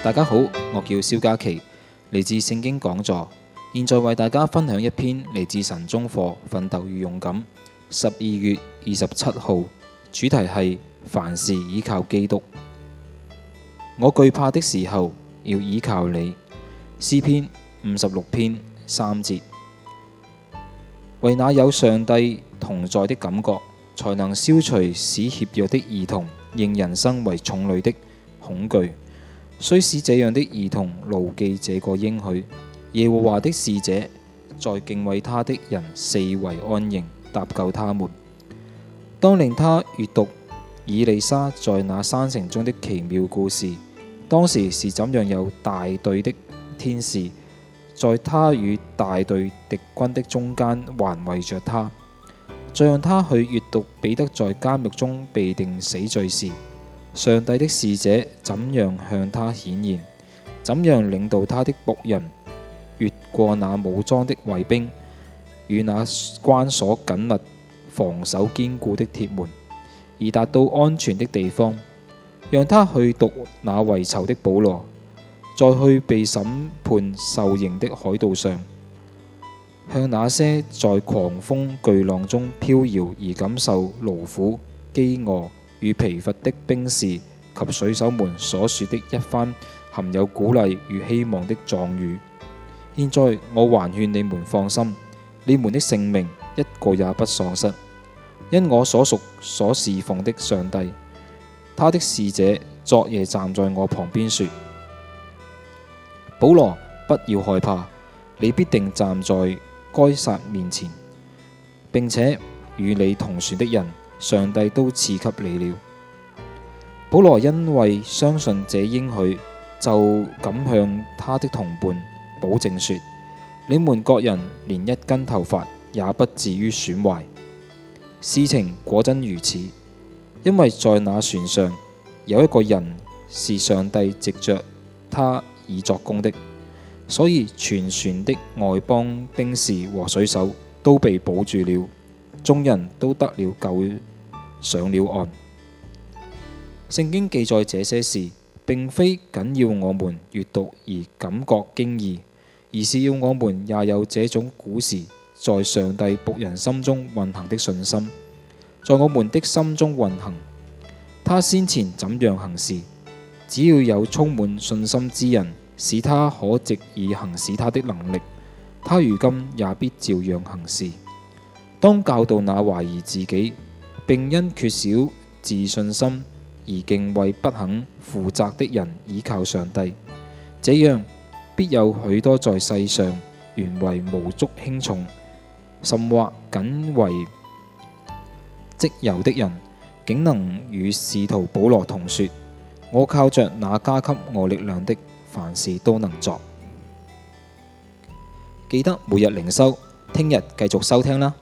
大家好，我叫肖嘉琪，嚟自聖經講座，現在為大家分享一篇嚟自神中課《奮鬥與勇敢》，十二月二十七號，主題係凡事依靠基督。我懼怕的時候要倚靠你，詩篇五十六篇三節。為那有上帝同在的感覺，才能消除使怯弱的兒童認人生為重累的恐懼。需使這樣的兒童牢記這個應許。耶和華的使者在敬畏他的人四圍安營，搭救他們。當令他閱讀以利沙在那山城中的奇妙故事，當時是怎樣有大隊的天使在他與大隊敵軍的中間環圍着他。再讓他去閱讀彼得在監獄中被定死罪時。上帝的使者怎樣向他顯現？怎樣領導他的僕人越過那武裝的衛兵與那關鎖緊密、防守堅固的鐵門，而達到安全的地方？讓他去讀那圍囚的保羅，再去被審判受刑的海盜上，向那些在狂風巨浪中飄搖而感受勞苦飢餓。飢餓與疲乏的兵士及水手們所說的一番含有鼓勵與希望的壯語。現在我還勸你們放心，你們的性命一個也不喪失，因我所屬所侍奉的上帝，他的使者昨夜站在我旁邊說：保羅，不要害怕，你必定站在該撒面前，並且與你同船的人。上帝都賜給你了。保羅因為相信這應許，就敢向他的同伴保證說：你們各人連一根頭髮也不至於損壞。事情果真如此，因為在那船上有一個人是上帝藉着着他而作工的，所以全船的外邦兵士和水手都被保住了。眾人都得了救，上了岸。聖經記載這些事，並非僅要我們閱讀而感覺驚異，而是要我們也有這種古時在上帝僕人心中運行的信心，在我們的心中運行。他先前怎樣行事，只要有充滿信心之人，使他可藉以行使他的能力，他如今也必照樣行事。當教導那懷疑自己，並因缺少自信心而敬畏不肯負責的人，倚靠上帝，這樣必有許多在世上原為無足輕重，甚或僅為贅疣的人，竟能與使徒保羅同說：我靠着那加給我力量的，凡事都能作。記得每日靈修，聽日繼續收聽啦。